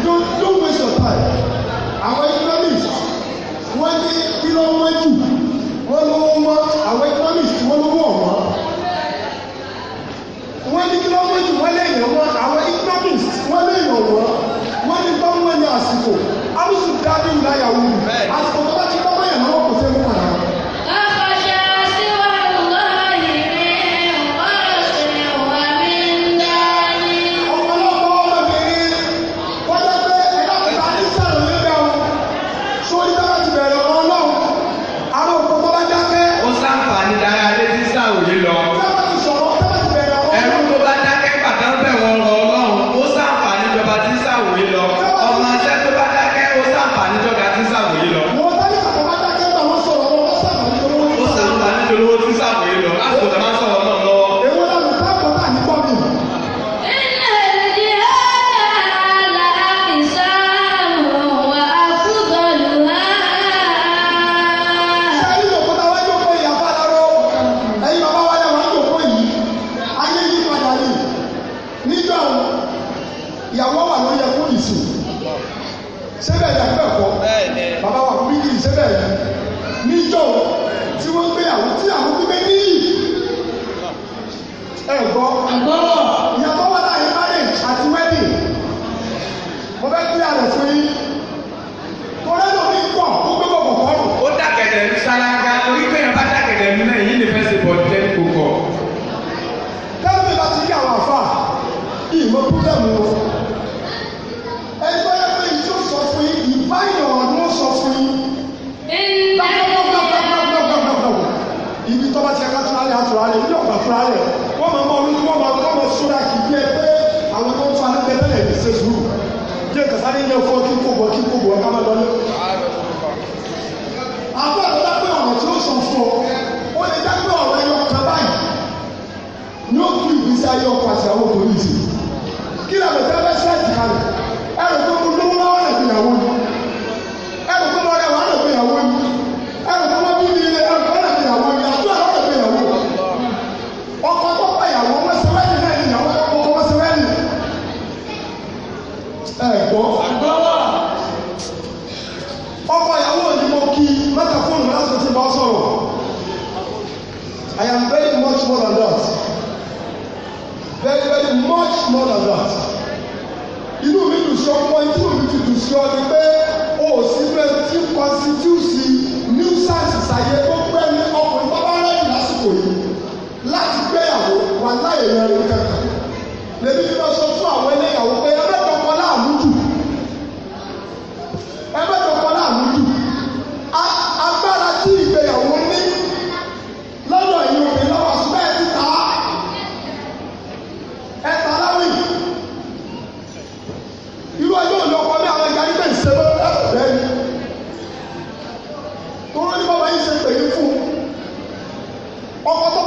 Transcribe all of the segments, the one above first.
don't don't waste your time àwọn economics wọ́n ní kí ló ń wájú wọ́n ló ń mọ́ àwọn economics wọ́n ló wọ̀ wọ́n wọ́n ní kí ló ń wájú wọ́n lè yàn wọ́n àwọn economics wọ́n lè yàn wọ́n wọ́n ní bá wọ́n ní àsìkò àwùjọ dáadé ìlàyàwó àsìkò tó bá ti bá wọ́n yàn lọ́wọ́ kò tẹ́ wọ́n much more than that inú mi dùn sí ọkọ inú mi ti dùn sí ọ ni pé o ò sí pé tí constitution nuisance ṣàyẹ tó pẹ́ ní ọkùnrin bábá rẹ̀ lásìkò yìí láti gbéyàwó wà láyé rẹ̀ ní kankan lèmi fi máa sọ fún àwọn ẹlẹ́yìn. Ọkọ̀ tó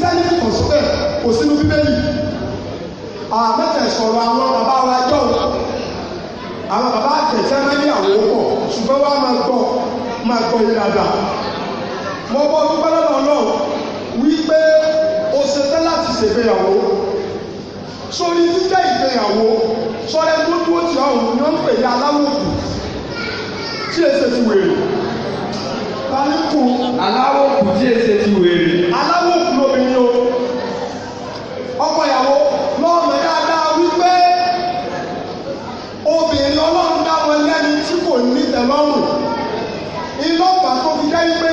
kristiani kò sí bẹ́ẹ̀ kò sínú bíbélì àmẹ́tẹ̀ sọ̀rọ̀ àwọn bàbá wa jọ̀ àwọn bàbá àtẹ̀tẹ̀ mẹ́líàwó pọ̀ ṣùgbọ́n wá máa gbọ́ máa gbọ́ yìí dáadáa mo bọ́ dúpẹ́ lọ́nà náà wípé o ṣe tẹ́ láti ṣègbéyàwó sórí jíjẹ́ ìgbéyàwó sọ́rẹ́ tó dúró tí ọ̀hún ni wọ́n ń pè ní aláwòkù tí èsè ti wèrè. Báníkù aláwòkù tí èsè ti wèrè. ìtẹ̀lọ́rùn iná ọ̀pá tó fi jẹ́ pé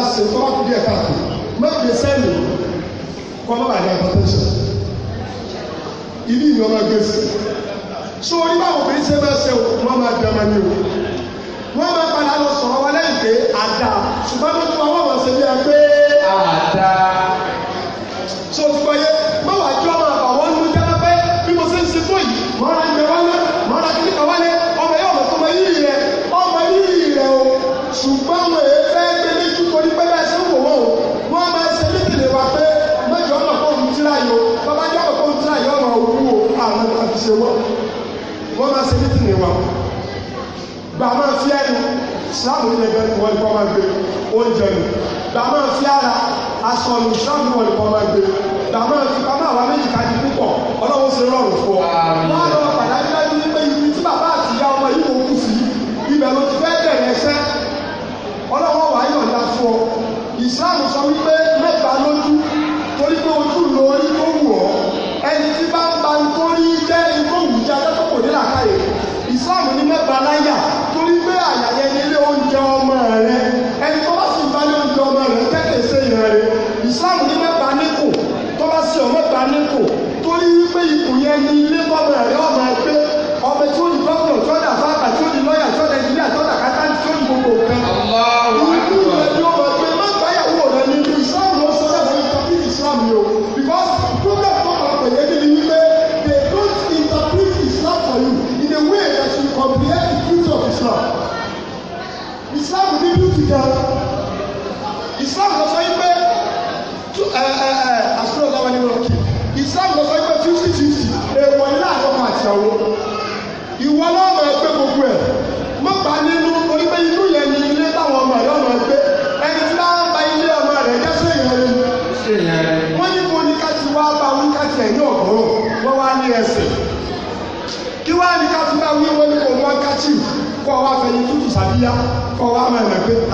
bá ṣe tó bá kú díẹ̀ káàkiri mẹ́fì sẹ́yìn kọ́ lọ́ba ní hypertension ìdí ìlú ọmọ ẹgbẹ́ sí so orí báwọn obìnrin ṣe máa ṣe wọn máa di ọmọ ní o wọn máa padà lọ sọ̀rọ̀ wọn lẹ́yìn pé àdá ṣùgbọ́n tó tún ọmọ wọn ṣe bí i pé àdá so ti ṣe wọ́n wọ́n máa ṣe mítìn ní wọn gbà máa fi ẹnu ìsìlámù ní ẹgbẹ́ ní wọ́n ní kọ́ máa gbé oúnjẹ nù gbà máa fi ara aṣọ ní ìsìlámù wọ́n ní kọ́ máa gbé gbà máa fi pamọ́ àwọn méjì kájí púpọ̀ ọlọ́wọ́ ṣe rọrùn fún ọ.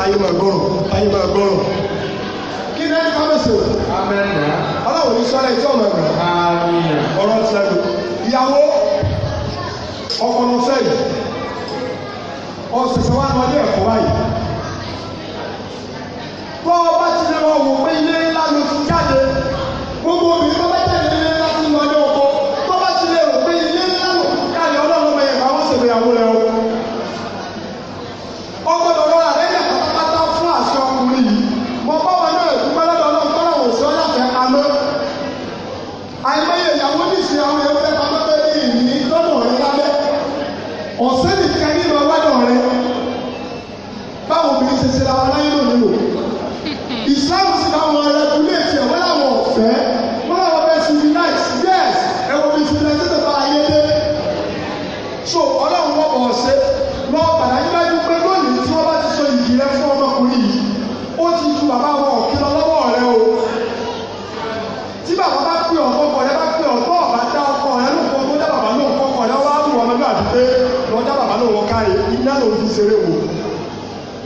ayé máa gbọ́rùn ayé máa gbọ́rùn kí ní ẹni kábẹ́sì o. amẹ́nà. ọlọ́run ní sọ́lá ẹ̀jẹ̀ ọ̀nà rẹ̀. àmín. ọ̀rọ̀ ti lẹ́nu. ìyàwó ọkọ lọ fẹ́ yìí ọ̀sẹ̀sẹ̀ wa lọ ní ẹ̀kọ́ báyìí. bọ́ ọ bá ti lè wọ́n wò pé ilé ńlá ló ti jáde gbogbo obìnrin tó bá jáde àìmọye ìyàwó níṣẹ́ àwọn èèyàn fẹ́ pamọ́ pé ní ìní lọ́dọ̀ rẹ lábẹ́ ọ̀sẹ́ nìkan ní ìlọ lọ́dọ̀ rẹ báwo kì í ṣe ṣe làwọn aláyé lòdì wò ìsìláàmù sì bá wọn rẹ kúlẹ̀ tiẹ̀ wọ́n làwọn ọ̀fẹ́ wọ́n làwọn fẹ́ sinmi náà yes ẹ̀wọ̀n mi sinmi náà tètè bá ayé dé so ọlọ́run wọ́n bọ̀ ọ̀sẹ̀ lọ́ọ̀ bàdá o tí bàbá bá lòun fi ṣeré wò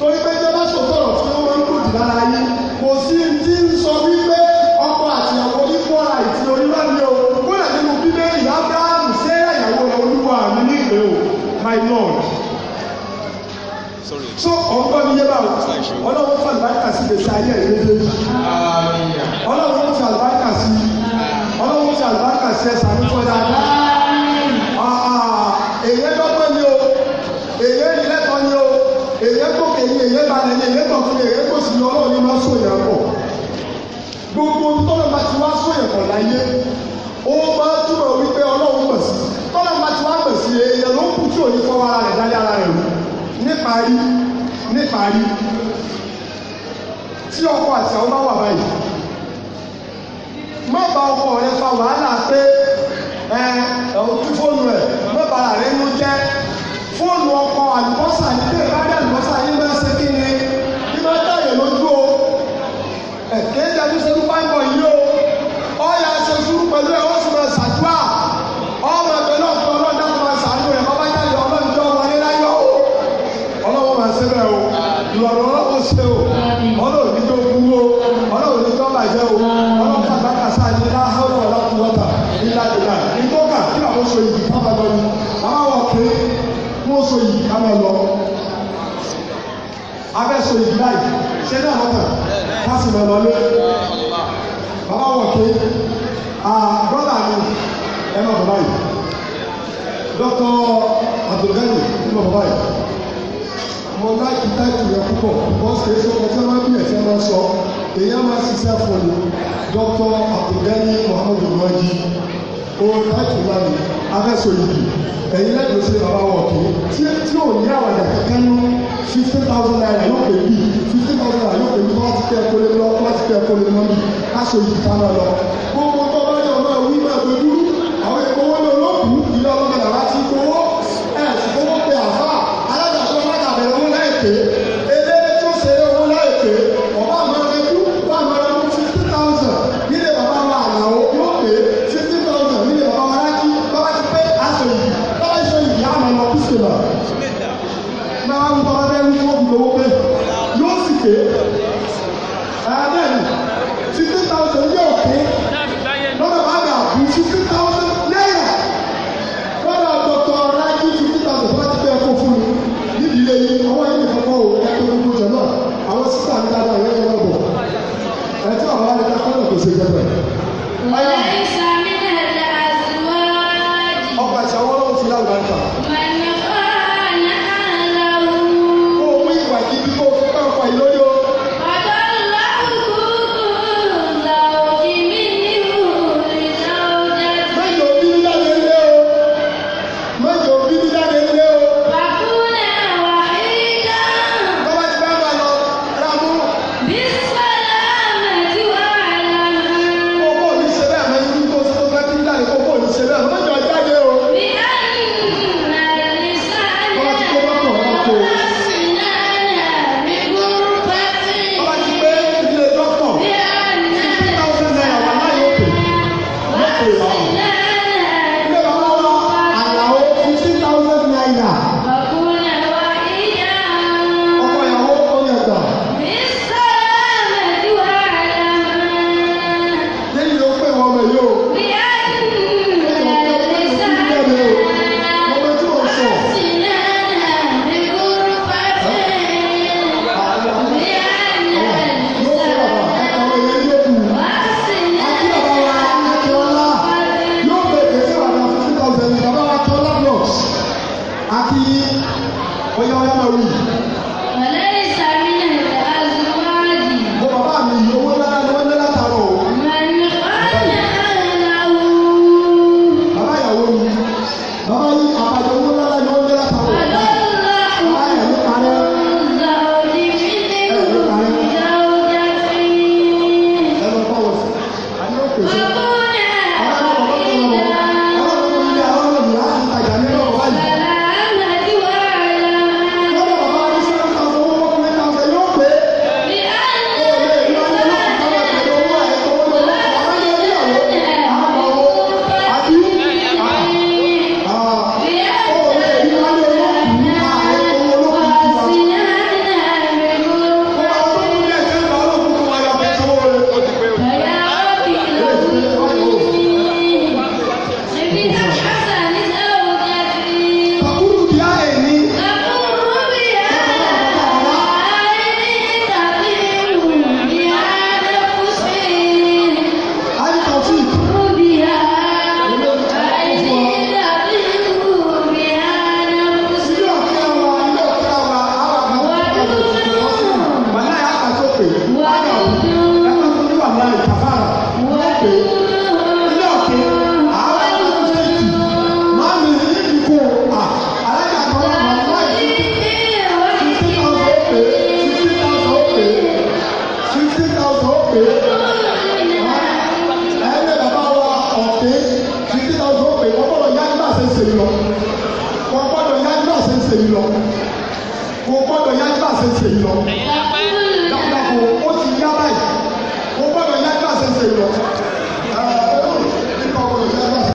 torí pé jọba sọtọrọ tí wọn máa ń lòdì lára yín kò sí ti ń sọ wípé ọkọ àti ìyàwó ní kọ́ra ìtì onílá mi o kódà nínú bíbẹ ìyá abrahamu ṣé ìyàwó rẹ olúwa mi nígbè o my lord. so ọgbọ́n mi yé báwo ọlọ́wọ́ fàlùbáríkà sí lè ṣe ayé ẹ̀ méjèèjì. mọ́tà ká sì lọ lọlé bàbá wọ̀ ké bọ́là mi ẹ má bàbá yìí dọ́tọ̀ Abdulgani ẹ má bàbá yìí mo láti táìtì rẹ púpọ̀ bọ́sì sọ ọtí máa bí ẹ̀sẹ̀ máa sọ èyí á máa ṣiṣẹ́ fún mi dọ́tọ̀ Abdulgani Muhammadu Maji ó táìtì lánàá afẹ́sọ̀ yìí ẹ̀yin lẹ́gbẹ̀ẹ́ sí bàbá wọ̀ ké tí ò ní àwàdà kankan ní fifty thousand naira ló pè bí ìlú wọn ti kẹ́ ẹ̀kọ́ lé lọ wọn ti kẹ́ ẹ̀kọ́ lé mọ́mí aṣojú ìfáná lọ. ó ó yọ ọ́ yá máa wù.